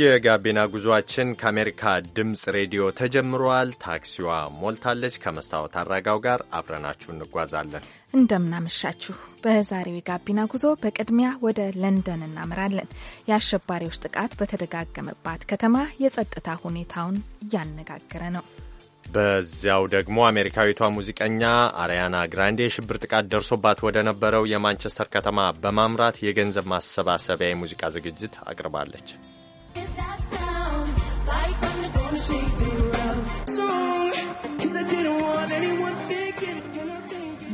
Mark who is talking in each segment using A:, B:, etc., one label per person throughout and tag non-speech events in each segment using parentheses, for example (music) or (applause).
A: የጋቢና ጉዞአችን ከአሜሪካ ድምፅ ሬዲዮ ተጀምሯል። ታክሲዋ ሞልታለች። ከመስታወት አራጋው ጋር አብረናችሁ እንጓዛለን።
B: እንደምናመሻችሁ። በዛሬው የጋቢና ጉዞ በቅድሚያ ወደ ለንደን እናምራለን። የአሸባሪዎች ጥቃት በተደጋገመባት ከተማ የጸጥታ ሁኔታውን እያነጋገረ ነው።
A: በዚያው ደግሞ አሜሪካዊቷ ሙዚቀኛ አሪያና ግራንዴ የሽብር ጥቃት ደርሶባት ወደ ነበረው የማንቸስተር ከተማ በማምራት የገንዘብ ማሰባሰቢያ የሙዚቃ ዝግጅት አቅርባለች።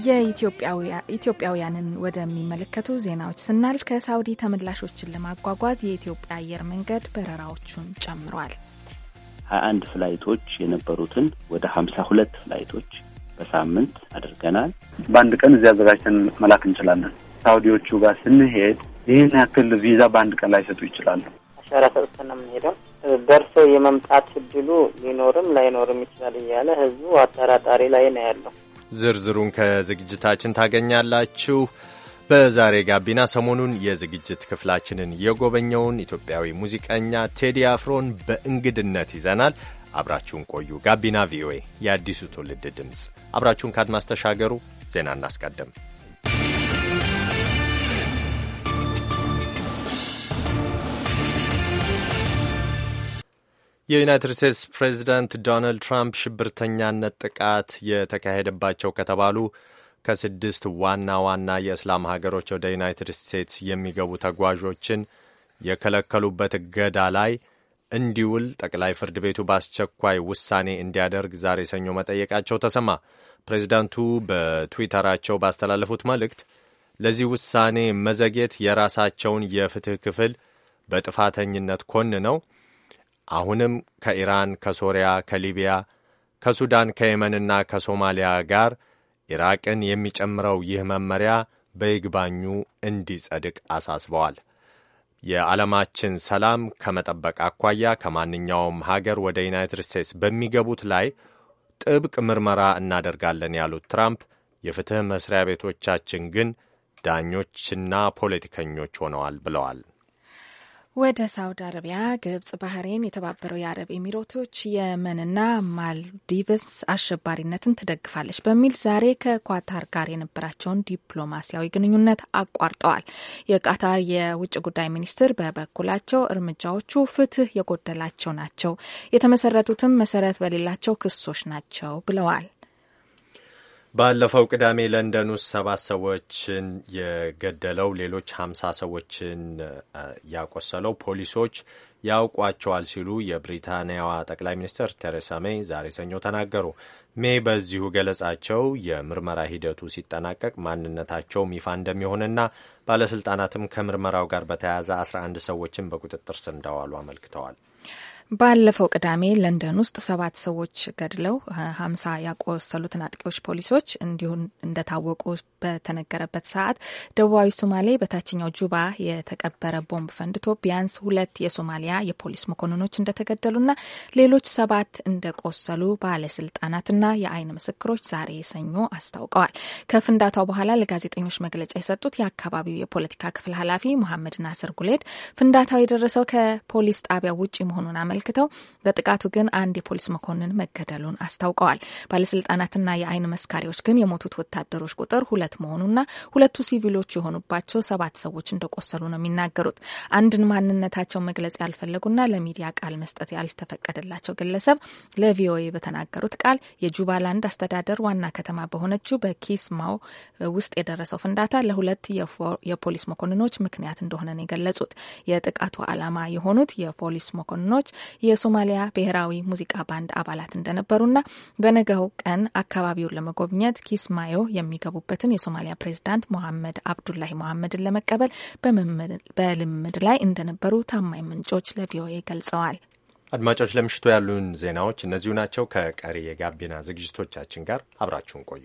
B: የኢትዮጵያውያንን ወደሚመለከቱ ዜናዎች ስናልፍ ከሳውዲ ተመላሾችን ለማጓጓዝ የኢትዮጵያ አየር መንገድ በረራዎቹን ጨምሯል።
C: ሀያ አንድ ፍላይቶች የነበሩትን ወደ ሀምሳ ሁለት ፍላይቶች በሳምንት አድርገናል። በአንድ ቀን እዚህ አዘጋጅተን መላክ እንችላለን። ሳውዲዎቹ
D: ጋር ስንሄድ ይህን ያክል ቪዛ በአንድ ቀን ላይሰጡ ይችላሉ። አሻራ ሰጥተን ነው የምንሄደው። ደርሶ የመምጣት እድሉ ሊኖርም ላይኖርም ይችላል እያለ ህዝቡ አጠራጣሪ ላይ
C: ነው ያለው።
A: ዝርዝሩን ከዝግጅታችን ታገኛላችሁ። በዛሬ ጋቢና ሰሞኑን የዝግጅት ክፍላችንን የጎበኘውን ኢትዮጵያዊ ሙዚቀኛ ቴዲ አፍሮን በእንግድነት ይዘናል። አብራችሁን ቆዩ። ጋቢና ቪኦኤ፣ የአዲሱ ትውልድ ድምፅ። አብራችሁን ካድማስ ተሻገሩ። ዜና እናስቀድም። የዩናይትድ ስቴትስ ፕሬዚዳንት ዶናልድ ትራምፕ ሽብርተኛነት ጥቃት የተካሄደባቸው ከተባሉ ከስድስት ዋና ዋና የእስላም ሀገሮች ወደ ዩናይትድ ስቴትስ የሚገቡ ተጓዦችን የከለከሉበት እገዳ ላይ እንዲውል ጠቅላይ ፍርድ ቤቱ በአስቸኳይ ውሳኔ እንዲያደርግ ዛሬ ሰኞ መጠየቃቸው ተሰማ። ፕሬዚዳንቱ በትዊተራቸው ባስተላለፉት መልእክት ለዚህ ውሳኔ መዘግየት የራሳቸውን የፍትህ ክፍል በጥፋተኝነት ኮን ነው አሁንም ከኢራን፣ ከሶሪያ፣ ከሊቢያ፣ ከሱዳን፣ ከየመንና ከሶማሊያ ጋር ኢራቅን የሚጨምረው ይህ መመሪያ በይግባኙ እንዲጸድቅ አሳስበዋል። የዓለማችን ሰላም ከመጠበቅ አኳያ ከማንኛውም ሀገር ወደ ዩናይትድ ስቴትስ በሚገቡት ላይ ጥብቅ ምርመራ እናደርጋለን ያሉት ትራምፕ የፍትሕ መስሪያ ቤቶቻችን ግን ዳኞችና ፖለቲከኞች ሆነዋል ብለዋል።
B: ወደ ሳውዲ አረቢያ፣ ግብጽ፣ ባህሬን፣ የተባበረው የአረብ ኤሚሬቶች የመንና ማልዲቭስ አሸባሪነትን ትደግፋለች በሚል ዛሬ ከኳታር ጋር የነበራቸውን ዲፕሎማሲያዊ ግንኙነት አቋርጠዋል። የቃታር የውጭ ጉዳይ ሚኒስትር በበኩላቸው እርምጃዎቹ ፍትህ የጎደላቸው ናቸው፣ የተመሰረቱትም መሰረት በሌላቸው ክሶች ናቸው ብለዋል።
A: ባለፈው ቅዳሜ ለንደን ውስጥ ሰባት ሰዎችን የገደለው ሌሎች ሀምሳ ሰዎችን ያቆሰለው ፖሊሶች ያውቋቸዋል ሲሉ የብሪታንያዋ ጠቅላይ ሚኒስትር ቴሬሳ ሜይ ዛሬ ሰኞ ተናገሩ። ሜይ በዚሁ ገለጻቸው የምርመራ ሂደቱ ሲጠናቀቅ ማንነታቸው ይፋ እንደሚሆንና ባለስልጣናትም ከምርመራው ጋር በተያያዘ አስራ አንድ ሰዎችን በቁጥጥር ስር እንዳዋሉ አመልክተዋል።
B: ባለፈው ቅዳሜ ለንደን ውስጥ ሰባት ሰዎች ገድለው ሀምሳ ያቆሰሉትን አጥቂዎች ፖሊሶች እንዲሁን እንደታወቁ በተነገረበት ሰዓት ደቡባዊ ሶማሌ በታችኛው ጁባ የተቀበረ ቦምብ ፈንድቶ ቢያንስ ሁለት የሶማሊያ የፖሊስ መኮንኖች እንደተገደሉና ሌሎች ሰባት እንደቆሰሉ ባለስልጣናትና የአይን ምስክሮች ዛሬ ሰኞ አስታውቀዋል። ከፍንዳታው በኋላ ለጋዜጠኞች መግለጫ የሰጡት የአካባቢው የፖለቲካ ክፍል ኃላፊ መሐመድ ናስር ጉሌድ ፍንዳታው የደረሰው ከፖሊስ ጣቢያ ውጭ መሆኑን አመልክ አመልክተው በጥቃቱ ግን አንድ የፖሊስ መኮንን መገደሉን አስታውቀዋል። ባለስልጣናትና የአይን መስካሪዎች ግን የሞቱት ወታደሮች ቁጥር ሁለት መሆኑና ሁለቱ ሲቪሎች የሆኑባቸው ሰባት ሰዎች እንደቆሰሉ ነው የሚናገሩት። አንድን ማንነታቸው መግለጽ ያልፈለጉና ለሚዲያ ቃል መስጠት ያልተፈቀደላቸው ግለሰብ ለቪኦኤ በተናገሩት ቃል የጁባላንድ አስተዳደር ዋና ከተማ በሆነችው በኪስማው ውስጥ የደረሰው ፍንዳታ ለሁለት የፖሊስ መኮንኖች ምክንያት እንደሆነ ነው የገለጹት። የጥቃቱ ዓላማ የሆኑት የፖሊስ መኮንኖች የሶማሊያ ብሔራዊ ሙዚቃ ባንድ አባላት እንደነበሩና በነገው ቀን አካባቢውን ለመጎብኘት ኪስማዮ የሚገቡበትን የሶማሊያ ፕሬዚዳንት ሞሐመድ አብዱላሂ ሞሐመድን ለመቀበል በልምድ ላይ እንደነበሩ ታማኝ ምንጮች ለቪኦኤ ገልጸዋል።
A: አድማጮች ለምሽቱ ያሉን ዜናዎች እነዚሁ ናቸው። ከቀሪ የጋቢና ዝግጅቶቻችን ጋር አብራችሁን ቆዩ።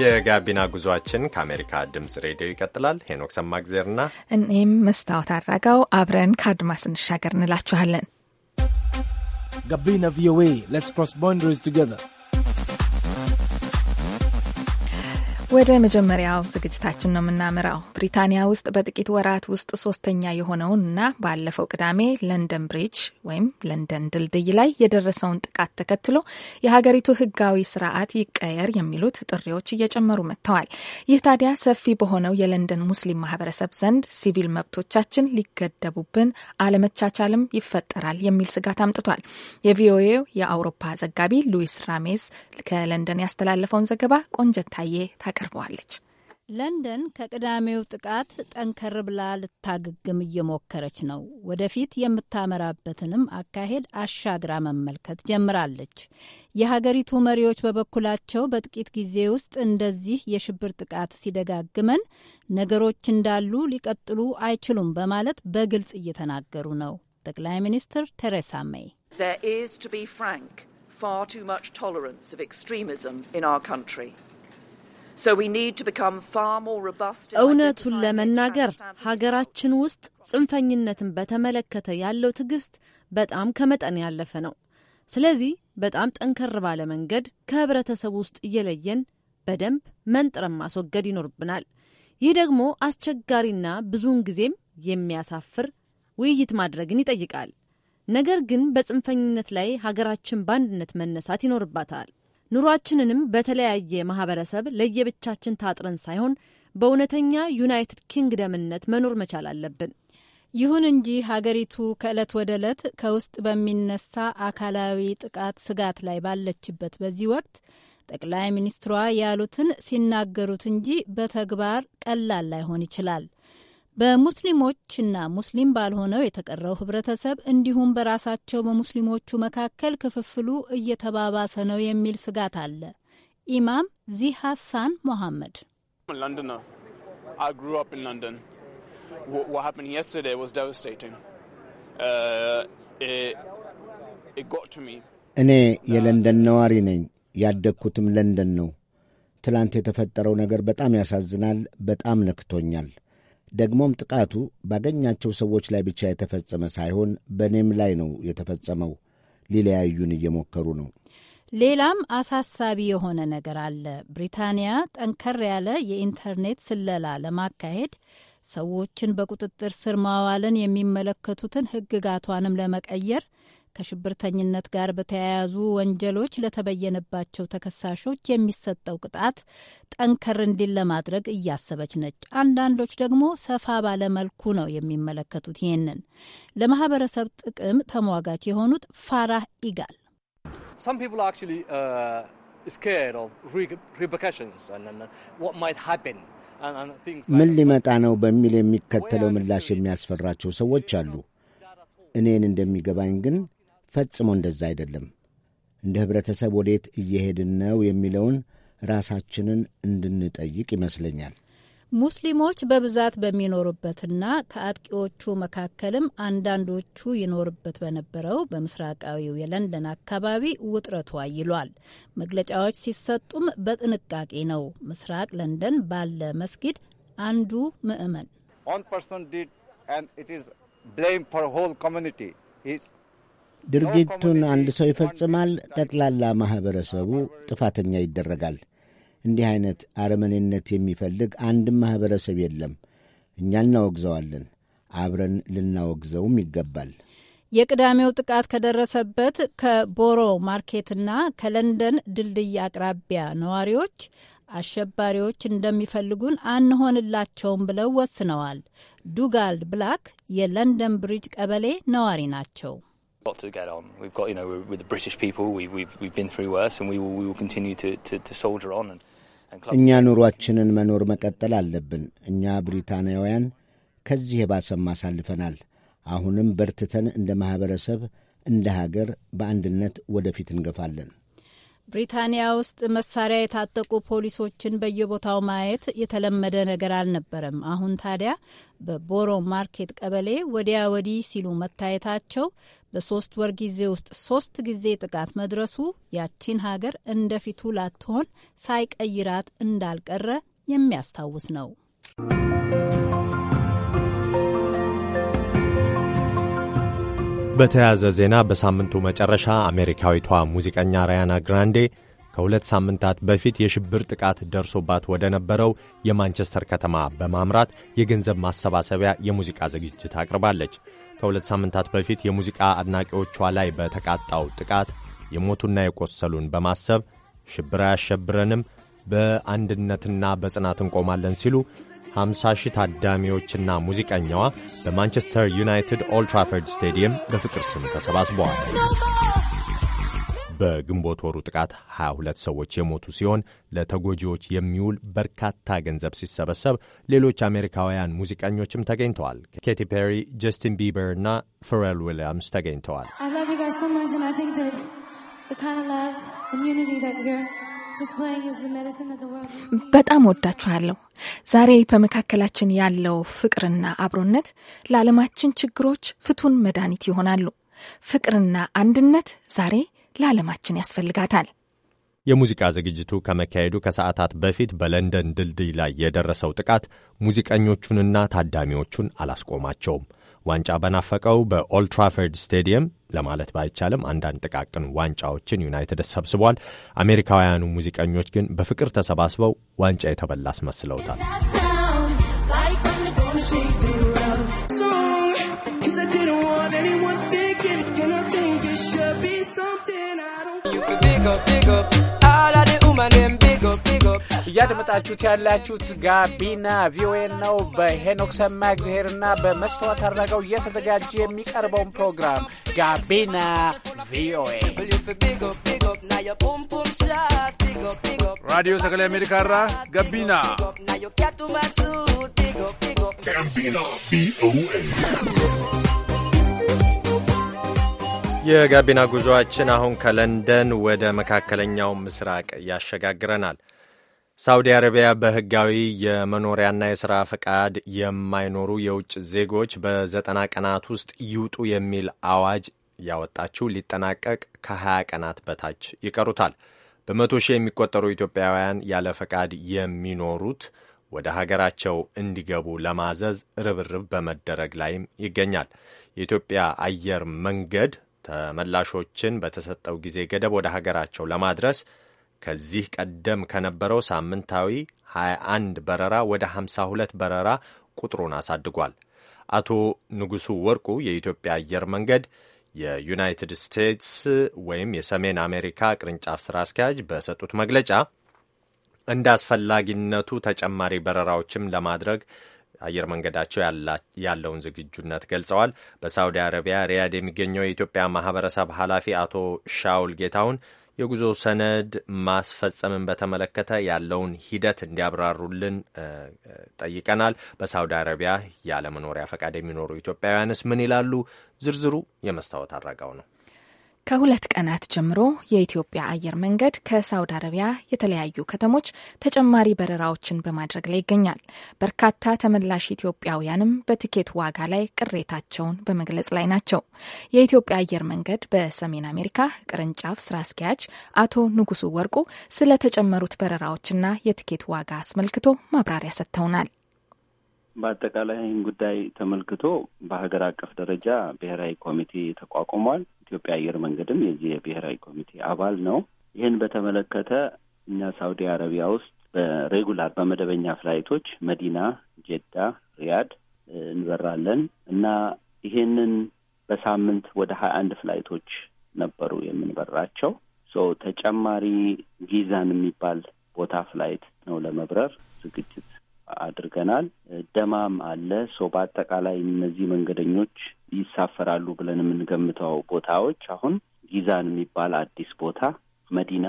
A: የጋቢና ጉዟችን ከአሜሪካ ድምጽ ሬዲዮ ይቀጥላል። ሄኖክ ሰማግዜርና
B: እኔም መስታወት አድረገው አብረን ከአድማስ እንሻገር እንላችኋለን። ጋቢና ቪኦኤ ሌትስ ክሮስ ባውንደሪስ ቱጌዘር ወደ መጀመሪያው ዝግጅታችን ነው የምናመራው። ብሪታንያ ውስጥ በጥቂት ወራት ውስጥ ሶስተኛ የሆነውን እና ባለፈው ቅዳሜ ለንደን ብሪጅ ወይም ለንደን ድልድይ ላይ የደረሰውን ጥቃት ተከትሎ የሀገሪቱ ሕጋዊ ስርዓት ይቀየር የሚሉት ጥሪዎች እየጨመሩ መጥተዋል። ይህ ታዲያ ሰፊ በሆነው የለንደን ሙስሊም ማህበረሰብ ዘንድ ሲቪል መብቶቻችን ሊገደቡብን፣ አለመቻቻልም ይፈጠራል የሚል ስጋት አምጥቷል። የቪኦኤው የአውሮፓ ዘጋቢ ሉዊስ ራሜዝ ከለንደን ያስተላለፈውን ዘገባ ቆንጀታዬ ታቀ ታቀርበዋለች።
E: ለንደን ከቅዳሜው ጥቃት ጠንከር ብላ ልታገግም እየሞከረች ነው። ወደፊት የምታመራበትንም አካሄድ አሻግራ መመልከት ጀምራለች። የሀገሪቱ መሪዎች በበኩላቸው በጥቂት ጊዜ ውስጥ እንደዚህ የሽብር ጥቃት ሲደጋግመን ነገሮች እንዳሉ ሊቀጥሉ አይችሉም በማለት በግልጽ እየተናገሩ ነው። ጠቅላይ ሚኒስትር ቴሬሳ ሜይ
F: there is to be frank far too much tolerance of extremism in our country
E: እውነቱን ለመናገር ሀገራችን ውስጥ ጽንፈኝነትን በተመለከተ ያለው ትዕግስት በጣም ከመጠን ያለፈ ነው። ስለዚህ በጣም ጠንከር ባለ መንገድ ከህብረተሰቡ ውስጥ እየለየን በደንብ መንጥረን ማስወገድ ይኖርብናል። ይህ ደግሞ አስቸጋሪና ብዙውን ጊዜም የሚያሳፍር ውይይት ማድረግን ይጠይቃል። ነገር ግን በጽንፈኝነት ላይ ሀገራችን በአንድነት መነሳት ይኖርባታል። ኑሯችንንም በተለያየ ማህበረሰብ ለየብቻችን ታጥረን ሳይሆን በእውነተኛ ዩናይትድ ኪንግደምነት መኖር መቻል አለብን። ይሁን እንጂ ሀገሪቱ ከዕለት ወደ ዕለት ከውስጥ በሚነሳ አካላዊ ጥቃት ስጋት ላይ ባለችበት በዚህ ወቅት ጠቅላይ ሚኒስትሯ ያሉትን ሲናገሩት እንጂ በተግባር ቀላል ላይሆን ይችላል። በሙስሊሞችና ሙስሊም ባልሆነው የተቀረው ህብረተሰብ እንዲሁም በራሳቸው በሙስሊሞቹ መካከል ክፍፍሉ እየተባባሰ ነው የሚል ስጋት አለ። ኢማም ዚህ ሀሳን ሞሐመድ
F: እኔ የለንደን ነዋሪ ነኝ። ያደግኩትም ለንደን ነው። ትላንት የተፈጠረው ነገር በጣም ያሳዝናል። በጣም ነክቶኛል። ደግሞም ጥቃቱ ባገኛቸው ሰዎች ላይ ብቻ የተፈጸመ ሳይሆን በእኔም ላይ ነው የተፈጸመው። ሊለያዩን እየሞከሩ ነው።
E: ሌላም አሳሳቢ የሆነ ነገር አለ። ብሪታንያ ጠንከር ያለ የኢንተርኔት ስለላ ለማካሄድ ሰዎችን በቁጥጥር ስር ማዋልን የሚመለከቱትን ሕግጋቷንም ለመቀየር ከሽብርተኝነት ጋር በተያያዙ ወንጀሎች ለተበየነባቸው ተከሳሾች የሚሰጠው ቅጣት ጠንከር እንዲል ለማድረግ እያሰበች ነች። አንዳንዶች ደግሞ ሰፋ ባለ መልኩ ነው የሚመለከቱት። ይህንን ለማህበረሰብ ጥቅም ተሟጋች የሆኑት ፋራህ ኢጋል
D: uh,
F: ምን ሊመጣ ነው በሚል የሚከተለው ምላሽ የሚያስፈራቸው ሰዎች አሉ። እኔን እንደሚገባኝ ግን ፈጽሞ እንደዛ አይደለም። እንደ ኅብረተሰብ ወዴት እየሄድን ነው የሚለውን ራሳችንን እንድንጠይቅ ይመስለኛል።
E: ሙስሊሞች በብዛት በሚኖሩበትና ከአጥቂዎቹ መካከልም አንዳንዶቹ ይኖርበት በነበረው በምስራቃዊው የለንደን አካባቢ ውጥረቱ አይሏል። መግለጫዎች ሲሰጡም በጥንቃቄ ነው። ምስራቅ ለንደን ባለ መስጊድ አንዱ ምዕመን ድርጊቱን
F: አንድ ሰው ይፈጽማል፣ ጠቅላላ ማኅበረሰቡ ጥፋተኛ ይደረጋል። እንዲህ አይነት አረመኔነት የሚፈልግ አንድም ማኅበረሰብ የለም። እኛ እናወግዘዋለን፣ አብረን ልናወግዘውም ይገባል።
E: የቅዳሜው ጥቃት ከደረሰበት ከቦሮ ማርኬትና ከለንደን ድልድይ አቅራቢያ ነዋሪዎች አሸባሪዎች እንደሚፈልጉን አንሆንላቸውም ብለው ወስነዋል። ዱጋልድ ብላክ የለንደን ብሪጅ ቀበሌ ነዋሪ ናቸው። got
G: to get on. We've got, you know, we're, we're the British people. We've, we've, we've been through worse
B: and we will, we will continue to, to, to soldier on. And,
G: እኛ
F: ኑሯችንን መኖር መቀጠል አለብን። እኛ ብሪታንያውያን ከዚህ የባሰም አሳልፈናል። አሁንም በርትተን እንደ ማኅበረሰብ እንደ ሀገር በአንድነት ወደፊት እንገፋለን።
E: ብሪታንያ ውስጥ መሳሪያ የታጠቁ ፖሊሶችን በየቦታው ማየት የተለመደ ነገር አልነበረም። አሁን ታዲያ በቦሮ ማርኬት ቀበሌ ወዲያ ወዲህ ሲሉ መታየታቸው በሶስት ወር ጊዜ ውስጥ ሶስት ጊዜ ጥቃት መድረሱ ያቺን ሀገር እንደፊቱ ላትሆን ሳይቀይራት እንዳልቀረ የሚያስታውስ ነው።
A: በተያያዘ ዜና በሳምንቱ መጨረሻ አሜሪካዊቷ ሙዚቀኛ ራያና ግራንዴ ከሁለት ሳምንታት በፊት የሽብር ጥቃት ደርሶባት ወደ ነበረው የማንቸስተር ከተማ በማምራት የገንዘብ ማሰባሰቢያ የሙዚቃ ዝግጅት አቅርባለች። ከሁለት ሳምንታት በፊት የሙዚቃ አድናቂዎቿ ላይ በተቃጣው ጥቃት የሞቱና የቆሰሉን በማሰብ ሽብር አያሸብረንም፣ በአንድነትና በጽናት እንቆማለን ሲሉ 50 ሺህ ታዳሚዎችና ሙዚቀኛዋ በማንቸስተር ዩናይትድ ኦልትራፈርድ ትራፈርድ ስቴዲየም በፍቅር ስም ተሰባስበዋል። በግንቦት ወሩ ጥቃት 22 ሰዎች የሞቱ ሲሆን ለተጎጂዎች የሚውል በርካታ ገንዘብ ሲሰበሰብ ሌሎች አሜሪካውያን ሙዚቀኞችም ተገኝተዋል። ኬቲ ፔሪ፣ ጀስቲን ቢበር እና ፍሬል ዊሊያምስ ተገኝተዋል።
B: በጣም ወዳችኋለሁ። ዛሬ በመካከላችን ያለው ፍቅርና አብሮነት ለዓለማችን ችግሮች ፍቱን መድኃኒት ይሆናሉ። ፍቅርና አንድነት ዛሬ ለዓለማችን ያስፈልጋታል።
A: የሙዚቃ ዝግጅቱ ከመካሄዱ ከሰዓታት በፊት በለንደን ድልድይ ላይ የደረሰው ጥቃት ሙዚቀኞቹንና ታዳሚዎቹን አላስቆማቸውም። ዋንጫ በናፈቀው በኦልትራፈርድ ስቴዲየም ለማለት ባይቻልም አንዳንድ ጥቃቅን ዋንጫዎችን ዩናይትድ ሰብስቧል። አሜሪካውያኑ ሙዚቀኞች ግን በፍቅር ተሰባስበው ዋንጫ የተበላ አስመስለውታል።
C: Big up, big
D: up, all of the them big up, big up. እያደመጣችሁት ያላችሁት ጋቢና ቪኦኤ ነው። በሄኖክ ሰማ እግዚአብሔርና በመስተዋት አድረገው እየተዘጋጀ የሚቀርበውን ፕሮግራም ጋቢና
F: ቪኦኤ ራዲዮ አሜሪካ ራ ጋቢና
A: የጋቢና ጉዞአችን አሁን ከለንደን ወደ መካከለኛው ምስራቅ ያሸጋግረናል። ሳውዲ አረቢያ በህጋዊ የመኖሪያና የሥራ ፈቃድ የማይኖሩ የውጭ ዜጎች በዘጠና ቀናት ውስጥ ይውጡ የሚል አዋጅ ያወጣችው ሊጠናቀቅ ከ20 ቀናት በታች ይቀሩታል። በመቶ ሺህ የሚቆጠሩ ኢትዮጵያውያን ያለ ፈቃድ የሚኖሩት ወደ ሀገራቸው እንዲገቡ ለማዘዝ ርብርብ በመደረግ ላይም ይገኛል። የኢትዮጵያ አየር መንገድ ተመላሾችን በተሰጠው ጊዜ ገደብ ወደ ሀገራቸው ለማድረስ ከዚህ ቀደም ከነበረው ሳምንታዊ 21 በረራ ወደ 52 በረራ ቁጥሩን አሳድጓል። አቶ ንጉሱ ወርቁ የኢትዮጵያ አየር መንገድ የዩናይትድ ስቴትስ ወይም የሰሜን አሜሪካ ቅርንጫፍ ስራ አስኪያጅ በሰጡት መግለጫ እንደ አስፈላጊነቱ ተጨማሪ በረራዎችም ለማድረግ አየር መንገዳቸው ያለውን ዝግጁነት ገልጸዋል። በሳውዲ አረቢያ ሪያድ የሚገኘው የኢትዮጵያ ማህበረሰብ ኃላፊ አቶ ሻውል ጌታሁን የጉዞ ሰነድ ማስፈጸምን በተመለከተ ያለውን ሂደት እንዲያብራሩልን ጠይቀናል። በሳውዲ አረቢያ ያለመኖሪያ ፈቃድ የሚኖሩ ኢትዮጵያውያንስ ምን ይላሉ? ዝርዝሩ የመስታወት አድራጋው ነው።
B: ከሁለት ቀናት ጀምሮ የኢትዮጵያ አየር መንገድ ከሳውዲ አረቢያ የተለያዩ ከተሞች ተጨማሪ በረራዎችን በማድረግ ላይ ይገኛል። በርካታ ተመላሽ ኢትዮጵያውያንም በትኬት ዋጋ ላይ ቅሬታቸውን በመግለጽ ላይ ናቸው። የኢትዮጵያ አየር መንገድ በሰሜን አሜሪካ ቅርንጫፍ ስራ አስኪያጅ አቶ ንጉሱ ወርቁ ስለ ተጨመሩት በረራዎችና የትኬት ዋጋ አስመልክቶ ማብራሪያ ሰጥተውናል።
C: በአጠቃላይ ይህን ጉዳይ ተመልክቶ በሀገር አቀፍ ደረጃ ብሔራዊ ኮሚቴ ተቋቁሟል። ኢትዮጵያ አየር መንገድም የዚህ የብሔራዊ ኮሚቴ አባል ነው። ይህን በተመለከተ እኛ ሳውዲ አረቢያ ውስጥ በሬጉላር በመደበኛ ፍላይቶች መዲና፣ ጄዳ፣ ሪያድ እንበራለን እና ይህንን በሳምንት ወደ ሀያ አንድ ፍላይቶች ነበሩ የምንበራቸው። ተጨማሪ ጊዛን የሚባል ቦታ ፍላይት ነው ለመብረር ዝግጅት አድርገናል። ደማም አለ። ሶ በአጠቃላይ እነዚህ መንገደኞች ይሳፈራሉ ብለን የምንገምተው ቦታዎች አሁን ጊዛን የሚባል አዲስ ቦታ፣ መዲና፣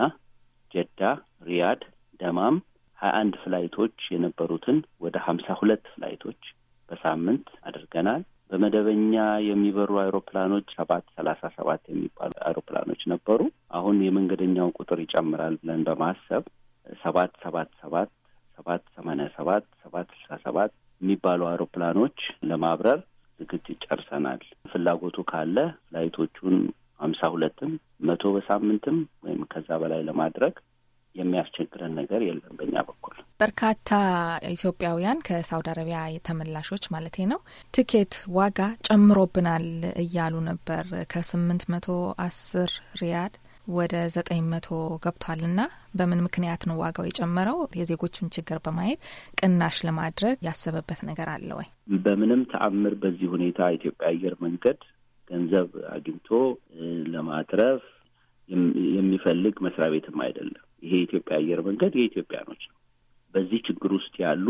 C: ጀዳ፣ ሪያድ፣ ደማም ሀያ አንድ ፍላይቶች የነበሩትን ወደ ሀምሳ ሁለት ፍላይቶች በሳምንት አድርገናል። በመደበኛ የሚበሩ አይሮፕላኖች ሰባት ሰላሳ ሰባት የሚባሉ አይሮፕላኖች ነበሩ። አሁን የመንገደኛው ቁጥር ይጨምራል ብለን በማሰብ ሰባት ሰባት ሰባት ሰባት ሰማንያ ሰባት ሰባት ስልሳ ሰባት የሚባሉ አውሮፕላኖች ለማብረር ዝግጅት ጨርሰናል። ፍላጎቱ ካለ ፍላይቶቹን ሀምሳ ሁለትም መቶ በሳምንትም ወይም ከዛ በላይ ለማድረግ የሚያስቸግረን ነገር የለም። በእኛ በኩል
B: በርካታ ኢትዮጵያውያን ከሳውዲ አረቢያ የተመላሾች ማለት ነው ትኬት ዋጋ ጨምሮብናል እያሉ ነበር ከስምንት መቶ አስር ሪያድ ወደ ዘጠኝ መቶ ገብቷል እና በምን ምክንያት ነው ዋጋው የጨመረው? የዜጎችን ችግር በማየት ቅናሽ ለማድረግ ያሰበበት ነገር አለ ወይ?
C: በምንም ተአምር በዚህ ሁኔታ ኢትዮጵያ አየር መንገድ ገንዘብ አግኝቶ ለማትረፍ የሚፈልግ መስሪያ ቤትም አይደለም። ይሄ የኢትዮጵያ አየር መንገድ የኢትዮጵያኖች ነው። በዚህ ችግር ውስጥ ያሉ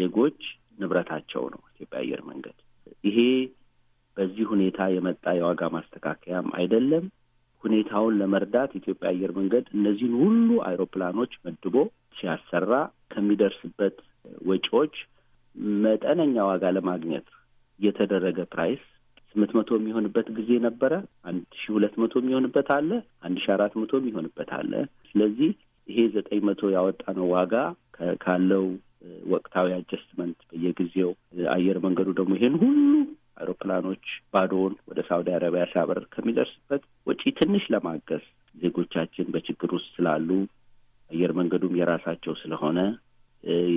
C: ዜጎች ንብረታቸው ነው ኢትዮጵያ አየር መንገድ። ይሄ በዚህ ሁኔታ የመጣ የዋጋ ማስተካከያም አይደለም። ሁኔታውን ለመርዳት ኢትዮጵያ አየር መንገድ እነዚህን ሁሉ አይሮፕላኖች መድቦ ሲያሰራ ከሚደርስበት ወጪዎች መጠነኛ ዋጋ ለማግኘት የተደረገ ፕራይስ ስምንት መቶ የሚሆንበት ጊዜ ነበረ። አንድ ሺ ሁለት መቶ የሚሆንበት አለ። አንድ ሺ አራት መቶ የሚሆንበት አለ። ስለዚህ ይሄ ዘጠኝ መቶ ያወጣነው ዋጋ ካለው ወቅታዊ አጀስትመንት በየጊዜው አየር መንገዱ ደግሞ ይሄን ሁሉ አውሮፕላኖች ባዶውን ወደ ሳውዲ አረቢያ ሲያበረር ከሚደርስበት ወጪ ትንሽ ለማገዝ ዜጎቻችን በችግር ውስጥ ስላሉ አየር መንገዱም የራሳቸው ስለሆነ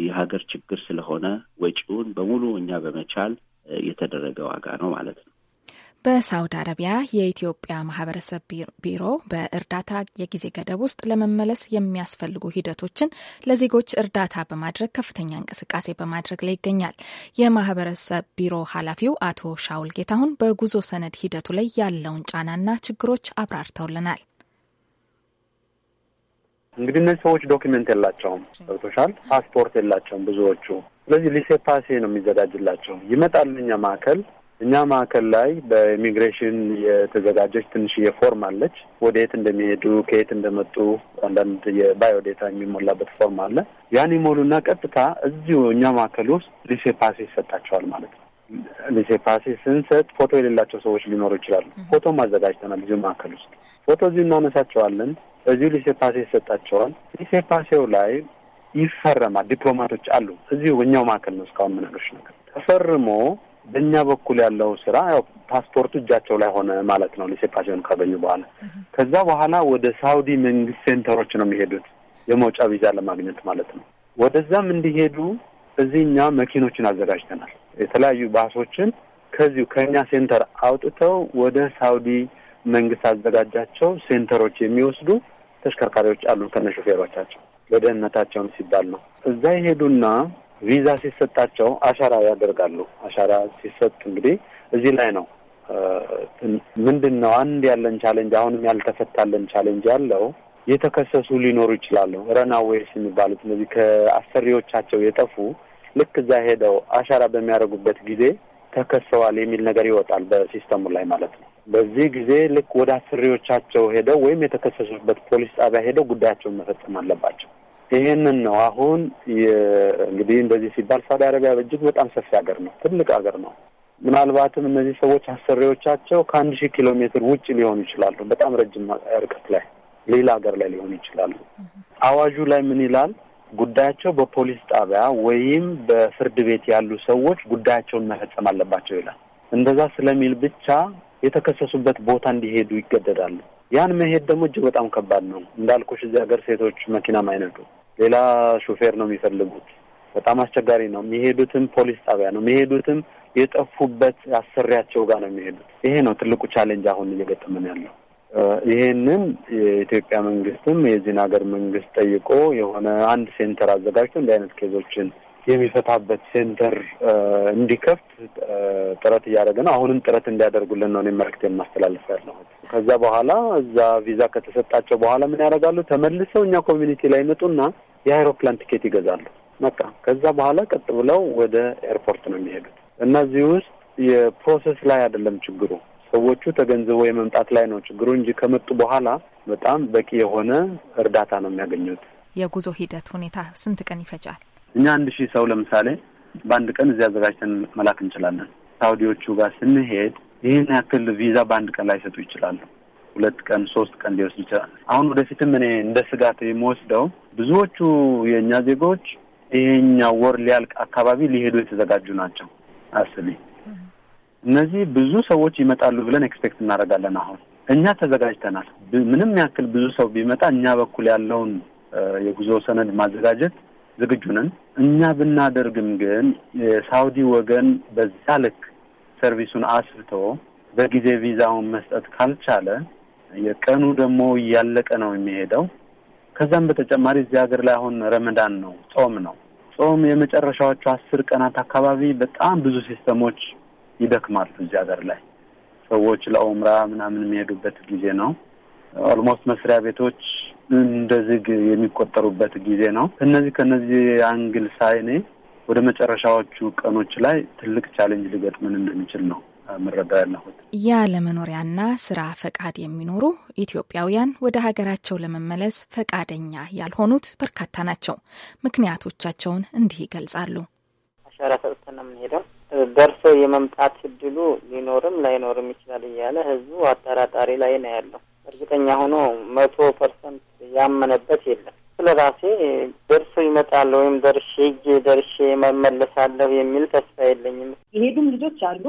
C: የሀገር ችግር ስለሆነ ወጪውን በሙሉ እኛ በመቻል የተደረገ ዋጋ ነው ማለት ነው።
B: በሳውዲ አረቢያ የኢትዮጵያ ማህበረሰብ ቢሮ በእርዳታ የጊዜ ገደብ ውስጥ ለመመለስ የሚያስፈልጉ ሂደቶችን ለዜጎች እርዳታ በማድረግ ከፍተኛ እንቅስቃሴ በማድረግ ላይ ይገኛል። የማህበረሰብ ቢሮ ኃላፊው አቶ ሻውል ጌታሁን በጉዞ ሰነድ ሂደቱ ላይ ያለውን ጫናና ችግሮች አብራርተውልናል።
D: እንግዲህ እነዚህ ሰዎች ዶክመንት የላቸውም፣ ገብቶሻል። ፓስፖርት የላቸውም ብዙዎቹ። ስለዚህ ሊሴ ፓሴ ነው የሚዘጋጅላቸው። ይመጣል እኛ ማዕከል እኛ ማዕከል ላይ በኢሚግሬሽን የተዘጋጀች ትንሽዬ ፎርም አለች። የት እንደሚሄዱ ከየት እንደመጡ አንዳንድ የባዮዴታ የሚሞላበት ፎርም አለ። ያን ይሞሉና ቀጥታ እዚሁ እኛ ማዕከል ውስጥ ሊሴ ፓሴ ይሰጣቸዋል ማለት ነው። ሊሴ ፓሴ ስንሰጥ ፎቶ የሌላቸው ሰዎች ሊኖሩ ይችላሉ። ፎቶም አዘጋጅተናል እዚሁ ማዕከል ውስጥ ፎቶ እዚሁ እናነሳቸዋለን። እዚሁ ሊሴ ፓሴ ይሰጣቸዋል። ሊሴ ፓሴው ላይ ይፈረማል። ዲፕሎማቶች አሉ እዚሁ እኛው ማዕከል ነው እስካሁን ምናሎች ነገር ተፈርሞ በእኛ በኩል ያለው ስራ ያው ፓስፖርቱ እጃቸው ላይ ሆነ ማለት ነው። ሊሴፓሲዮን ካገኙ በኋላ ከዛ በኋላ ወደ ሳውዲ መንግስት ሴንተሮች ነው የሚሄዱት የመውጫ ቪዛ ለማግኘት ማለት ነው። ወደዛም እንዲሄዱ እዚህ እኛ መኪኖችን አዘጋጅተናል። የተለያዩ ባሶችን ከዚሁ ከእኛ ሴንተር አውጥተው ወደ ሳውዲ መንግስት አዘጋጃቸው ሴንተሮች የሚወስዱ ተሽከርካሪዎች አሉ ከነ ሹፌሮቻቸው ለደህንነታቸውን ሲባል ነው። እዛ ይሄዱና ቪዛ ሲሰጣቸው አሻራ ያደርጋሉ። አሻራ ሲሰጥ እንግዲህ እዚህ ላይ ነው ምንድን ነው አንድ ያለን ቻሌንጅ፣ አሁንም ያልተፈታለን ቻሌንጅ ያለው የተከሰሱ ሊኖሩ ይችላሉ። ረናዌይስ የሚባሉት እነዚህ ከአሰሪዎቻቸው የጠፉ ልክ እዛ ሄደው አሻራ በሚያደርጉበት ጊዜ ተከሰዋል የሚል ነገር ይወጣል በሲስተሙ ላይ ማለት ነው። በዚህ ጊዜ ልክ ወደ አሰሪዎቻቸው ሄደው ወይም የተከሰሱበት ፖሊስ ጣቢያ ሄደው ጉዳያቸውን መፈጸም አለባቸው። ይህንን ነው አሁን እንግዲህ እንደዚህ ሲባል ሳውዲ አረቢያ እጅግ በጣም ሰፊ ሀገር ነው፣ ትልቅ ሀገር ነው። ምናልባትም እነዚህ ሰዎች አሰሪዎቻቸው ከአንድ ሺህ ኪሎ ሜትር ውጭ ሊሆኑ ይችላሉ። በጣም ረጅም ርቀት ላይ ሌላ ሀገር ላይ ሊሆኑ ይችላሉ። አዋጁ ላይ ምን ይላል? ጉዳያቸው በፖሊስ ጣቢያ ወይም በፍርድ ቤት ያሉ ሰዎች ጉዳያቸውን መፈጸም አለባቸው ይላል። እንደዛ ስለሚል ብቻ የተከሰሱበት ቦታ እንዲሄዱ ይገደዳሉ። ያን መሄድ ደግሞ እጅግ በጣም ከባድ ነው። እንዳልኩሽ እዚህ ሀገር ሴቶች መኪናም አይነዱ፣ ሌላ ሹፌር ነው የሚፈልጉት። በጣም አስቸጋሪ ነው። የሚሄዱትም ፖሊስ ጣቢያ ነው የሚሄዱትም የጠፉበት አሰሪያቸው ጋር ነው የሚሄዱት። ይሄ ነው ትልቁ ቻሌንጅ አሁን እየገጠመን ያለው። ይሄንን የኢትዮጵያ መንግስትም የዚህን ሀገር መንግስት ጠይቆ የሆነ አንድ ሴንተር አዘጋጅቶ እንዲህ አይነት ኬዞችን የሚፈታበት ሴንተር እንዲከፍት ጥረት እያደረገ ነው። አሁንም ጥረት እንዲያደርጉልን ነው እኔም መልዕክት የማስተላለፍ ያለሁ። ከዛ በኋላ እዛ ቪዛ ከተሰጣቸው በኋላ ምን ያደርጋሉ? ተመልሰው እኛ ኮሚኒቲ ላይ ይመጡና የአይሮፕላን ትኬት ይገዛሉ። በቃ ከዛ በኋላ ቀጥ ብለው ወደ ኤርፖርት ነው የሚሄዱት እነዚህ ውስጥ የፕሮሰስ ላይ አይደለም ችግሩ ሰዎቹ ተገንዝቦ የመምጣት ላይ ነው ችግሩ እንጂ ከመጡ በኋላ በጣም በቂ የሆነ እርዳታ ነው የሚያገኙት።
B: የጉዞ ሂደት ሁኔታ ስንት ቀን ይፈጃል?
D: እኛ አንድ ሺህ ሰው ለምሳሌ በአንድ ቀን እዚህ አዘጋጅተን መላክ እንችላለን። ሳውዲዎቹ ጋር ስንሄድ ይህን ያክል ቪዛ በአንድ ቀን ላይሰጡ ይችላሉ። ሁለት ቀን ሶስት ቀን ሊወስድ ይችላል። አሁን ወደፊትም እኔ እንደ ስጋት የምወስደው ብዙዎቹ የእኛ ዜጎች ይሄኛው ወር ሊያልቅ አካባቢ ሊሄዱ የተዘጋጁ ናቸው። አስቢ እነዚህ ብዙ ሰዎች ይመጣሉ ብለን ኤክስፔክት እናደርጋለን። አሁን እኛ ተዘጋጅተናል። ምንም ያክል ብዙ ሰው ቢመጣ እኛ በኩል ያለውን የጉዞ ሰነድ ማዘጋጀት ዝግጁ ነን። እኛ ብናደርግም ግን የሳውዲ ወገን በዛ ልክ ሰርቪሱን አስብቶ በጊዜ ቪዛውን መስጠት ካልቻለ የቀኑ ደግሞ እያለቀ ነው የሚሄደው። ከዛም በተጨማሪ እዚህ ሀገር ላይ አሁን ረመዳን ነው፣ ጾም ነው። ጾም የመጨረሻዎቹ አስር ቀናት አካባቢ በጣም ብዙ ሲስተሞች ይደክማሉ። እዚህ ሀገር ላይ ሰዎች ለኦምራ ምናምን የሚሄዱበት ጊዜ ነው። ኦልሞስት መስሪያ ቤቶች እንደ ዝግ የሚቆጠሩበት ጊዜ ነው። እነዚህ ከነዚህ አንግል ሳይኔ ወደ መጨረሻዎቹ ቀኖች ላይ ትልቅ ቻሌንጅ ሊገጥምን እንደሚችል ነው ምረዳ ያለሁት።
B: ያለመኖሪያና ስራ ፈቃድ የሚኖሩ ኢትዮጵያውያን ወደ ሀገራቸው ለመመለስ ፈቃደኛ ያልሆኑት በርካታ ናቸው። ምክንያቶቻቸውን እንዲህ ይገልጻሉ።
D: አሻራ ሰጥተን ነው የምንሄደው ደርሶ የመምጣት እድሉ ሊኖርም ላይኖርም ይችላል እያለ ህዝቡ አጠራጣሪ ላይ ነው ያለው። እርግጠኛ ሆኖ መቶ ፐርሰንት ያመነበት የለም። ስለ ራሴ ደርሶ ይመጣለሁ ወይም ደርሼ እጄ ደርሼ መመለሳለሁ የሚል ተስፋ የለኝም።
B: የሄዱም ልጆች አሉ፣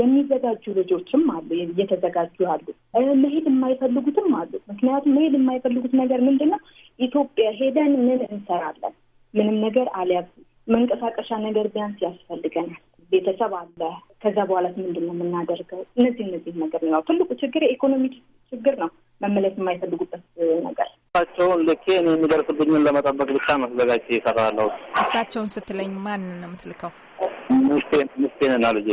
B: የሚዘጋጁ ልጆችም አሉ፣
E: እየተዘጋጁ አሉ። መሄድ የማይፈልጉትም አሉ። ምክንያቱም መሄድ የማይፈልጉት ነገር ምንድን ነው? ኢትዮጵያ ሄደን ምን እንሰራለን? ምንም ነገር አልያዝም። መንቀሳቀሻ ነገር ቢያንስ ያስፈልገናል። ቤተሰብ አለ። ከዛ በኋላት ምንድን ነው የምናደርገው? እነዚህ እነዚህ
B: ነገር ነው ትልቁ ችግር የኢኮኖሚ ችግር ነው መመለስ የማይፈልጉበት ነገር
E: እሳቸውን
D: ልኬ እኔ የሚደርስብኝን ለመጠበቅ ብቻ መዘጋጅ ይሰራለሁ።
B: እሳቸውን ስትለኝ ማን ነው የምትልከው?
D: ሚስቴን ልጄ።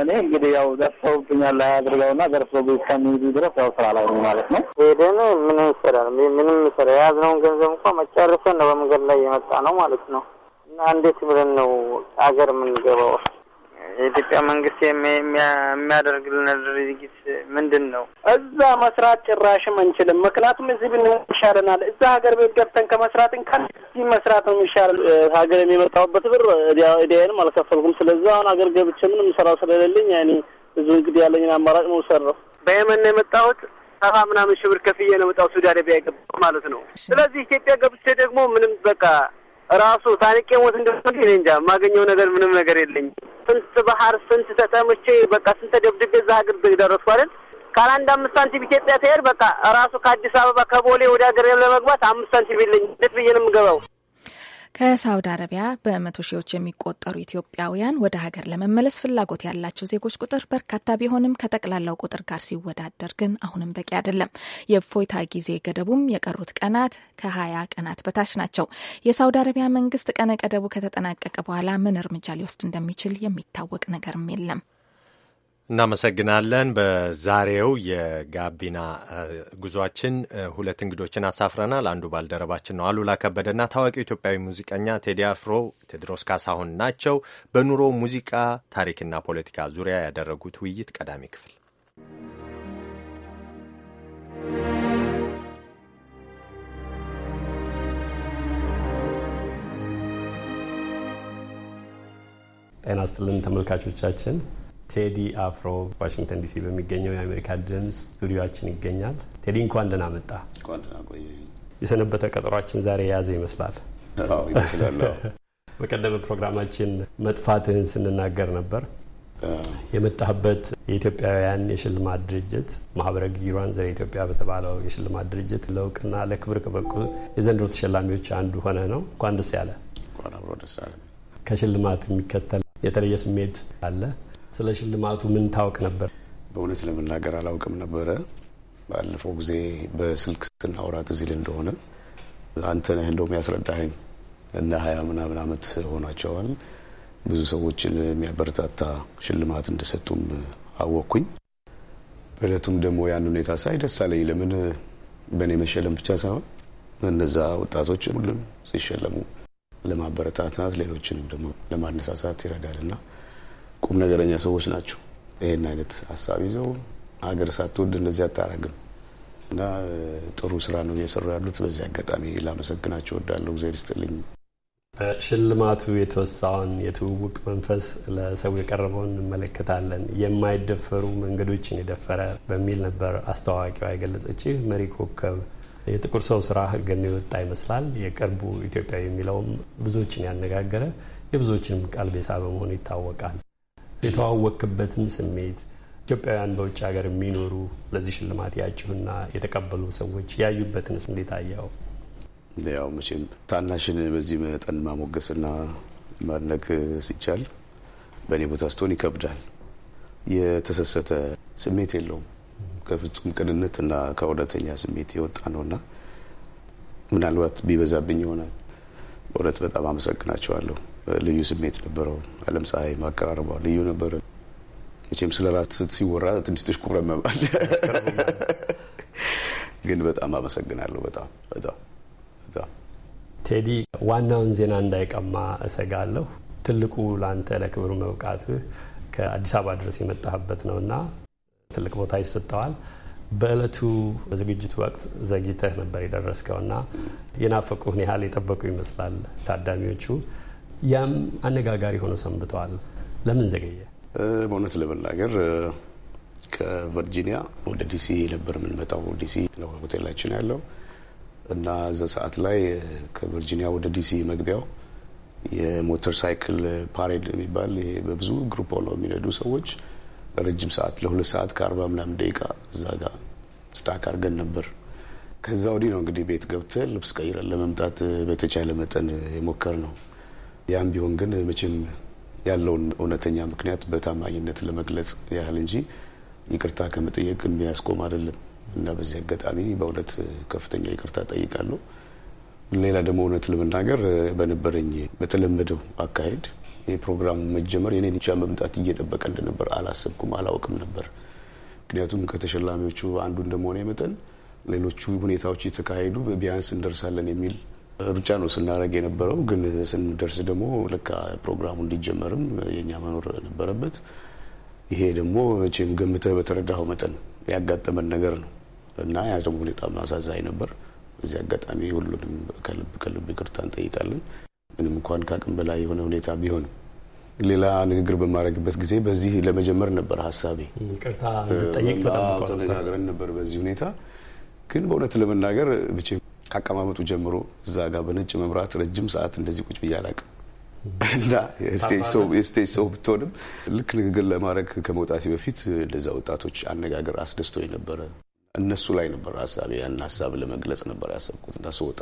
D: እኔ
B: እንግዲህ ያው ደርሰውብኛል ላይ አድርገውና
D: ደርሰው ከሚሄዱ ድረስ ያው ስራ ላይ ነው ማለት ነው። ሄደን ምን ይሰራል? ምንም ይሰራ የያዝነውን ገንዘብ እንኳ መጨረሻ ነው በመንገድ ላይ የመጣ ነው ማለት ነው። እና እንዴት ብለን ነው አገር የምንገባው? የኢትዮጵያ መንግስት የሚያደርግልን ድርጊት ምንድን ነው? እዛ መስራት ጭራሽም አንችልም። ምክንያቱም እዚህ ብን ይሻለናል። እዛ ሀገር ቤት ገብተን ከመስራትን ከዚህ መስራት ነው የሚሻል። ሀገር የሚመጣውበት ብር እዲያንም አልከፈልኩም። ስለዚህ አሁን ሀገር ገብቼ ምንም ሰራው ስለሌለኝ ያኔ ብዙ እንግዲህ ያለኝን አማራጭ ነው ሰራው። በየመን ነው የመጣሁት ሰፋ ምናምን ሽብር ከፍዬ ነው የመጣሁት ሱዲ አረቢያ የገባሁ ማለት ነው። ስለዚህ ኢትዮጵያ ገብቼ ደግሞ ምንም በቃ ራሱ ታንቄ ሞት እንደሆነ እኔ እንጃ። የማገኘው ነገር ምንም ነገር የለኝም። ስንት ባህር ስንት ተጠምቼ በቃ ስንት ተደብድቤ እዛ ሀገር ደረስኩ አይደል? ካላንድ አምስት ሳንቲም ኢትዮጵያ ትሄድ በቃ ራሱ ከአዲስ አበባ ከቦሌ ወደ ሀገር ለመግባት
F: አምስት ሳንቲም የለኝም። እንዴት ብዬ ነው የምገባው?
B: ከሳውዲ አረቢያ በመቶ ሺዎች የሚቆጠሩ ኢትዮጵያውያን ወደ ሀገር ለመመለስ ፍላጎት ያላቸው ዜጎች ቁጥር በርካታ ቢሆንም ከጠቅላላው ቁጥር ጋር ሲወዳደር ግን አሁንም በቂ አይደለም። የእፎይታ ጊዜ ገደቡም የቀሩት ቀናት ከሀያ ቀናት በታች ናቸው። የሳውዲ አረቢያ መንግስት ቀነ ቀደቡ ከተጠናቀቀ በኋላ ምን እርምጃ ሊወስድ እንደሚችል የሚታወቅ ነገርም የለም።
A: እናመሰግናለን። በዛሬው የጋቢና ጉዟችን ሁለት እንግዶችን አሳፍረናል። አንዱ ባልደረባችን ነው አሉላ ከበደና ታዋቂው ኢትዮጵያዊ ሙዚቀኛ ቴዲ አፍሮ ቴድሮስ ካሳሁን ናቸው። በኑሮ ሙዚቃ ታሪክና ፖለቲካ ዙሪያ ያደረጉት ውይይት ቀዳሚ ክፍል
G: ጤና ስጥልን ተመልካቾቻችን ቴዲ አፍሮ ዋሽንግተን ዲሲ በሚገኘው የአሜሪካ ድምፅ ስቱዲዮችን ይገኛል። ቴዲ እንኳን ደህና መጣ። የሰነበተ ቀጠሯችን ዛሬ የያዘ ይመስላል ይመስላል። (laughs) በቀደመ ፕሮግራማችን መጥፋትህን ስንናገር ነበር። የመጣህበት የኢትዮጵያውያን የሽልማት ድርጅት ማህበረ ጊሯን ዘረ ኢትዮጵያ በተባለው የሽልማት ድርጅት ለእውቅና ለክብር ከበቁ የዘንድሮ ተሸላሚዎች አንዱ ሆነ ነው። እንኳን ደስ ያለ። ከሽልማት የሚከተል የተለየ ስሜት አለ? ስለ ሽልማቱ ምን ታውቅ ነበር? በእውነት
H: ለመናገር አላውቅም ነበረ። ባለፈው ጊዜ በስልክ ስናወራት እዚህ እንደሆነ አንተ ነህ እንደውም ያስረዳኸኝ እና ሀያ ምናምን አመት ሆኗቸዋል። ብዙ ሰዎችን የሚያበረታታ ሽልማት እንደሰጡም አወቅኩኝ። በእለቱም ደግሞ ያን ሁኔታ ሳይ ደስ አለኝ። ለምን በእኔ መሸለም ብቻ ሳይሆን እነዛ ወጣቶች ሁሉም ሲሸለሙ ለማበረታታት ሌሎችንም ደግሞ ለማነሳሳት ይረዳልና ቁም ነገረኛ ሰዎች ናቸው። ይህን አይነት ሀሳብ ይዘው ሀገር ሳትወድ እንደዚህ አታረግም እና ጥሩ ስራ ነው እየሰሩ ያሉት። በዚህ አጋጣሚ ላመሰግናቸው ወዳለሁ። እግዚአብሔር ይስጥልኝ።
G: በሽልማቱ የተወሳውን የትውውቅ መንፈስ ለሰው የቀረበውን እንመለከታለን። የማይደፈሩ መንገዶችን የደፈረ በሚል ነበር አስተዋዋቂዋ የገለጸችህ። መሪ ኮከብ የጥቁር ሰው ስራ ህግን የወጣ ይመስላል። የቅርቡ ኢትዮጵያዊ የሚለውም ብዙዎችን ያነጋገረ የብዙዎችንም ቀልብ የሳበ በመሆኑ ይታወቃል። የተዋወቅበትን ስሜት ኢትዮጵያውያን በውጭ ሀገር የሚኖሩ ለዚህ ሽልማት ያጭሁና የተቀበሉ ሰዎች ያዩበትን ስሜት አያው?
H: ያው መቼም ታናሽን በዚህ መጠን ማሞገስና ማድነቅ ሲቻል በእኔ ቦታ ስትሆን ይከብዳል። የተሰሰተ ስሜት የለውም። ከፍጹም ቅንነት እና ከእውነተኛ ስሜት የወጣ ነውና ምናልባት ቢበዛብኝ ይሆናል። በእውነት በጣም አመሰግናቸዋለሁ። ልዩ ስሜት ነበረው። አለም ፀሐይ ማቀራረቧ ልዩ ነበረ። መቼም ስለ ራስ ሲወራ ትንሽ ትሽኩረመማል፣ ግን በጣም አመሰግናለሁ። በጣም በጣም
G: በጣም ቴዲ፣ ዋናውን ዜና እንዳይቀማ እሰጋለሁ። ትልቁ ለአንተ ለክብር መብቃትህ ከአዲስ አበባ ድረስ የመጣህበት ነውና ትልቅ ቦታ ይሰጠዋል። በእለቱ ዝግጅት ወቅት ዘግይተህ ነበር የደረስከውና የናፈቁህን ያህል የጠበቁ ይመስላል ታዳሚዎቹ። ያም አነጋጋሪ ሆኖ ሰንብተዋል። ለምን ዘገየ?
H: በእውነት ለመናገር ከቨርጂኒያ ወደ ዲሲ ነበር የምንመጣው። ዲሲ ነው ሆቴላችን ያለው እና እዛ ሰዓት ላይ ከቨርጂኒያ ወደ ዲሲ መግቢያው የሞተር ሳይክል ፓሬድ የሚባል ይሄ በብዙ ግሩፕ ሆነው የሚነዱ ሰዎች ረጅም ሰዓት ለሁለት ሰዓት ከአርባ ምናምን ደቂቃ እዛ ጋር ስታክ አድርገን ነበር። ከዛ ወዲህ ነው እንግዲህ ቤት ገብተን ልብስ ቀይረን ለመምጣት በተቻለ መጠን የሞከር ነው። ያም ቢሆን ግን መቼም ያለውን እውነተኛ ምክንያት በታማኝነት ለመግለጽ ያህል እንጂ ይቅርታ ከመጠየቅ የሚያስቆም አይደለም እና በዚህ አጋጣሚ በእውነት ከፍተኛ ይቅርታ ጠይቃለሁ። ሌላ ደግሞ እውነት ለመናገር በነበረኝ በተለመደው አካሄድ የፕሮግራሙ መጀመር የኔ ብቻ መምጣት እየጠበቀ እንደነበር አላሰብኩም፣ አላውቅም ነበር። ምክንያቱም ከተሸላሚዎቹ አንዱ እንደመሆነ መጠን ሌሎቹ ሁኔታዎች የተካሄዱ ቢያንስ እንደርሳለን የሚል ሩጫ ነው ስናደርግ የነበረው። ግን ስንደርስ ደግሞ ለካ ፕሮግራሙ እንዲጀመርም የእኛ መኖር ነበረበት። ይሄ ደግሞ መቼም ገምተህ በተረዳኸው መጠን ያጋጠመን ነገር ነው እና ያ ደግሞ በጣም አሳዛኝ ነበር። በዚህ አጋጣሚ ሁሉንም ከልብ ከልብ ይቅርታ እንጠይቃለን። ምንም እንኳን ከአቅም በላይ የሆነ ሁኔታ ቢሆንም ሌላ ንግግር በማድረግበት ጊዜ በዚህ ለመጀመር ነበር ሀሳቤ።
G: ይቅርታ ተነጋግረን
H: ነበር በዚህ ሁኔታ ግን በእውነት ለመናገር ከአቀማመጡ ጀምሮ እዛ ጋር በነጭ መብራት ረጅም ሰዓት እንደዚህ ቁጭ ብዬ አላውቅም። እና የስቴጅ ሰው ብትሆንም ልክ ንግግር ለማድረግ ከመውጣቴ በፊት ለዛ ወጣቶች አነጋገር አስደስቶ ነበረ። እነሱ ላይ ነበር ሀሳቤ። ያን ሀሳብ ለመግለጽ ነበር ያሰብኩት እና ስወጣ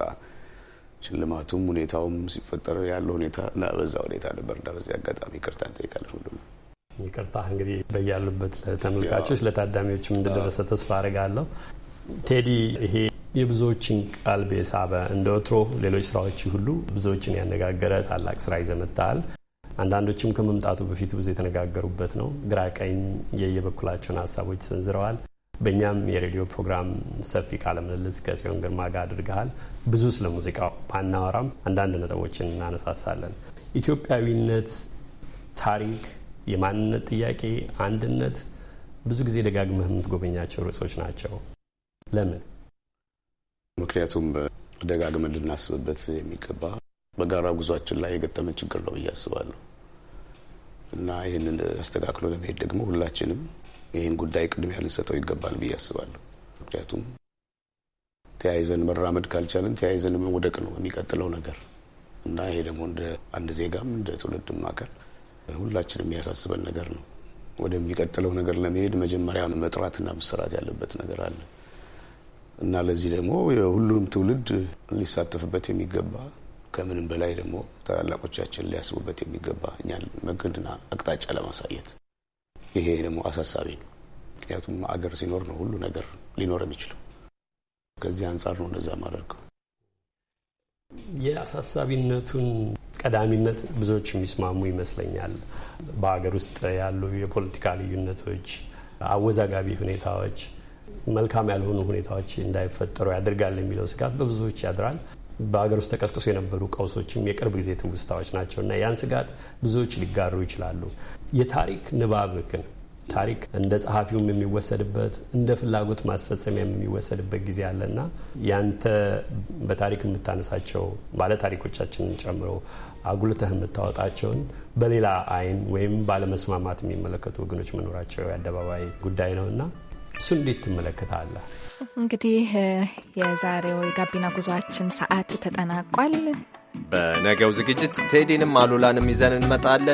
H: ሽልማቱም ሁኔታውም ሲፈጠር ያለው ሁኔታ እና በዛ ሁኔታ ነበር እና በዚህ አጋጣሚ ይቅርታ እንጠይቃለን ሁሉ
G: ይቅርታ እንግዲህ በያሉበት ለተመልካቾች ለታዳሚዎችም እንደደረሰ ተስፋ አድርጋለሁ። ቴዲ ይሄ የብዙዎችን ቀልብ የሳበ እንደ ወትሮ ሌሎች ስራዎች ሁሉ ብዙዎችን ያነጋገረ ታላቅ ስራ ይዘህ አንዳንዶችም ከመምጣቱ በፊት ብዙ የተነጋገሩበት ነው። ግራ ቀኝ የየበኩላቸውን ሀሳቦች ሰንዝረዋል። በእኛም የሬዲዮ ፕሮግራም ሰፊ ቃለ ምልልስ ከጽዮን ግርማ ጋር አድርገሃል። ብዙ ስለ ሙዚቃ ባናወራም አንዳንድ ነጥቦችን እናነሳሳለን። ኢትዮጵያዊነት፣ ታሪክ፣ የማንነት ጥያቄ፣ አንድነት ብዙ ጊዜ ደጋግመህ የምትጎበኛቸው ርዕሶች ናቸው።
H: ለምን? ምክንያቱም ደጋግመን ልናስብበት የሚገባ በጋራ ጉዟችን ላይ የገጠመ ችግር ነው ብዬ አስባለሁ እና ይህንን አስተካክሎ ለመሄድ ደግሞ ሁላችንም ይህን ጉዳይ ቅድሚያ ልንሰጠው ይገባል ብዬ አስባለሁ። ምክንያቱም ተያይዘን መራመድ ካልቻለን ተያይዘን መውደቅ ነው የሚቀጥለው ነገር እና ይሄ ደግሞ እንደ አንድ ዜጋም እንደ ትውልድም አካል ሁላችንም የሚያሳስበን ነገር ነው። ወደሚቀጥለው ነገር ለመሄድ መጀመሪያ መጥራትና መሰራት ያለበት ነገር አለ። እና ለዚህ ደግሞ የሁሉም ትውልድ ሊሳተፍበት የሚገባ ከምንም በላይ ደግሞ ታላላቆቻችን ሊያስቡበት የሚገባ እኛን መንገድና አቅጣጫ ለማሳየት ይሄ ደግሞ አሳሳቢ ነው። ምክንያቱም አገር ሲኖር ነው ሁሉ ነገር ሊኖር የሚችለው። ከዚህ አንጻር ነው እንደዛ ማደርገው።
G: የአሳሳቢነቱን ቀዳሚነት ብዙዎች የሚስማሙ ይመስለኛል። በሀገር ውስጥ ያሉ የፖለቲካ ልዩነቶች፣ አወዛጋቢ ሁኔታዎች መልካም ያልሆኑ ሁኔታዎች እንዳይፈጠሩ ያደርጋል የሚለው ስጋት በብዙዎች ያድራል። በሀገር ውስጥ ተቀስቅሶ የነበሩ ቀውሶችም የቅርብ ጊዜ ትውስታዎች ናቸው እና ያን ስጋት ብዙዎች ሊጋሩ ይችላሉ። የታሪክ ንባብ ግን ታሪክ እንደ ጸሐፊውም የሚወሰድበት እንደ ፍላጎት ማስፈጸሚያም የሚወሰድበት ጊዜ አለና ያንተ በታሪክ የምታነሳቸው ታሪኮቻችንን ጨምሮ አጉልተህ የምታወጣቸውን በሌላ አይን ወይም ባለመስማማት የሚመለከቱ ወገኖች መኖራቸው የአደባባይ ጉዳይ ነው እና
A: እሱ እንዴት ትመለከታለህ?
B: እንግዲህ የዛሬው የጋቢና ጉዟችን ሰዓት ተጠናቋል።
A: በነገው ዝግጅት ቴዲንም አሉላንም ይዘን እንመጣለን።